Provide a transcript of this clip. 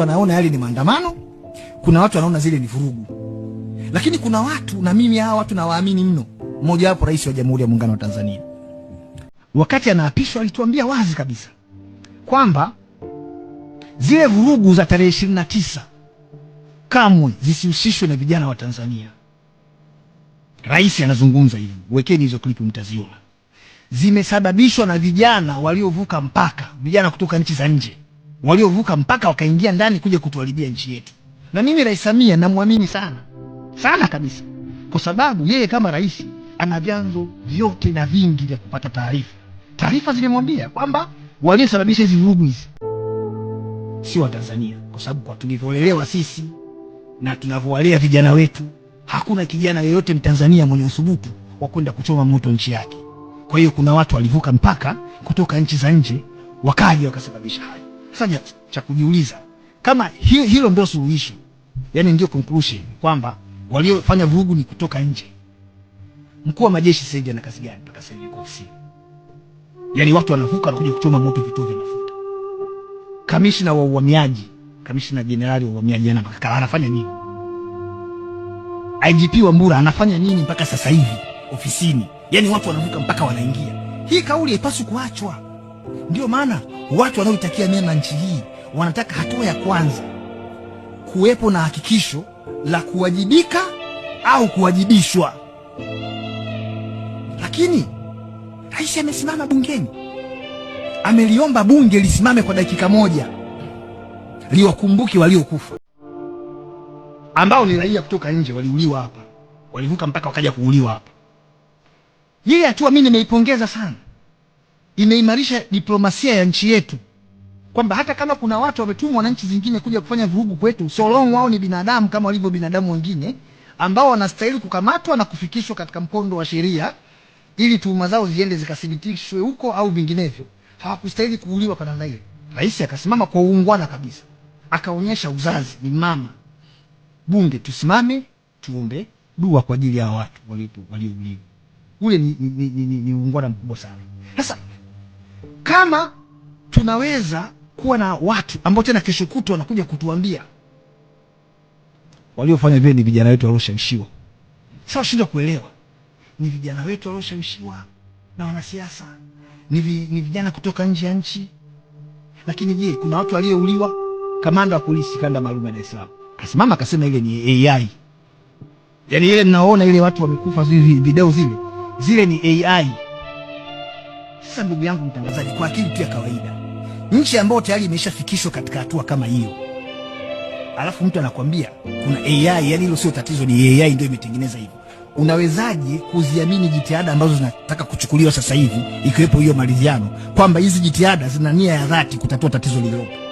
watu wanaona yale ni maandamano, kuna watu wanaona zile ni vurugu, lakini kuna watu na mimi hawa watu nawaamini mno. Mmoja wapo rais wa Jamhuri ya Muungano wa Tanzania, wakati anaapishwa, alituambia wazi kabisa kwamba zile vurugu za tarehe ishirini na tisa kamwe zisihusishwe na vijana wa Tanzania. Rais anazungumza hivi, wekeni hizo klipu mtaziona, zimesababishwa na vijana waliovuka mpaka, vijana kutoka nchi za nje waliovuka mpaka wakaingia ndani kuja kutuharibia nchi yetu. Na mimi Rais Samia namwamini sana sana kabisa, kwa sababu yeye kama rais ana vyanzo vyote na vingi vya kupata taarifa. Taarifa zimemwambia kwamba waliosababisha hizi vurugu hizi si Watanzania, kwa sababu kwa tulivyolelewa sisi na tunavyowalea vijana wetu, hakuna kijana yeyote Mtanzania mwenye usubutu wa kwenda kuchoma moto nchi yake. Kwa hiyo kuna watu walivuka mpaka kutoka nchi za nje wakaja wakasababisha haya. Sasa cha kujiuliza kama hilo, hilo ndio suluhisho, yani ndio conclusion kwamba waliofanya vurugu ni kutoka nje. Mkuu wa majeshi sasa hivi ana kazi gani mpaka sasa hivi kwa Yani watu wanavuka wanakuja kuchoma moto vituo vya mafuta. Kamishna wa uhamiaji, kamishna jenerali wa uhamiaji anafanya nini? IGP wa Mbura anafanya nini mpaka sasa hivi ofisini? yani watu wanavuka mpaka wanaingia. Hii kauli haipaswi kuachwa. Ndiyo maana watu wanaoitakia mema nchi hii wanataka hatua ya kwanza kuwepo na hakikisho la kuwajibika au kuwajibishwa. Lakini rais amesimama bungeni, ameliomba bunge lisimame kwa dakika moja liwakumbuke waliokufa ambao ni raia kutoka nje, waliuliwa hapa, walivuka mpaka wakaja kuuliwa hapa. Yeye hatua mimi nimeipongeza sana inaimarisha diplomasia ya nchi yetu, kwamba hata kama kuna watu wametumwa na nchi zingine kuja kufanya vurugu kwetu, solong wao ni binadamu kama walivyo binadamu wengine ambao wanastahili kukamatwa na kufikishwa katika mkondo wa sheria ili tuhuma zao ziende zikathibitishwe huko au vinginevyo, hawakustahili kuuliwa kwa namna hiyo. Rais akasimama kwa uungwana kabisa, akaonyesha uzazi ni mama. Bunge tusimame tuombe dua kwa ajili ya watu waliouliwa. Ule ni, ni, ni, ni, ni uungwana mkubwa sana sasa kama tunaweza kuwa na watu ambao tena kesho kutwa wanakuja kutuambia waliofanya vile ni vijana wetu walioshawishiwa. Sasa shindwa kuelewa, ni vijana wetu walioshawishiwa na wanasiasa, ni vijana kutoka nje ya nchi. Lakini je, kuna watu waliouliwa? Kamanda wa polisi kanda maalum ya Dar es Salaam kasimama akasema ile ni AI. Yaani ile mnaona ile watu wamekufa, zile video zile zile ni AI. Sasa ndugu yangu mtangazaji, kwa akili tu ya kawaida, nchi ambayo tayari imeshafikishwa katika hatua kama hiyo, alafu mtu anakwambia kuna AI, yani hilo sio tatizo, ni AI ndio imetengeneza hivyo. Unawezaje kuziamini jitihada ambazo zinataka kuchukuliwa sasa hivi, ikiwepo hiyo maridhiano, kwamba hizi jitihada zina nia ya dhati kutatua tatizo lililopo?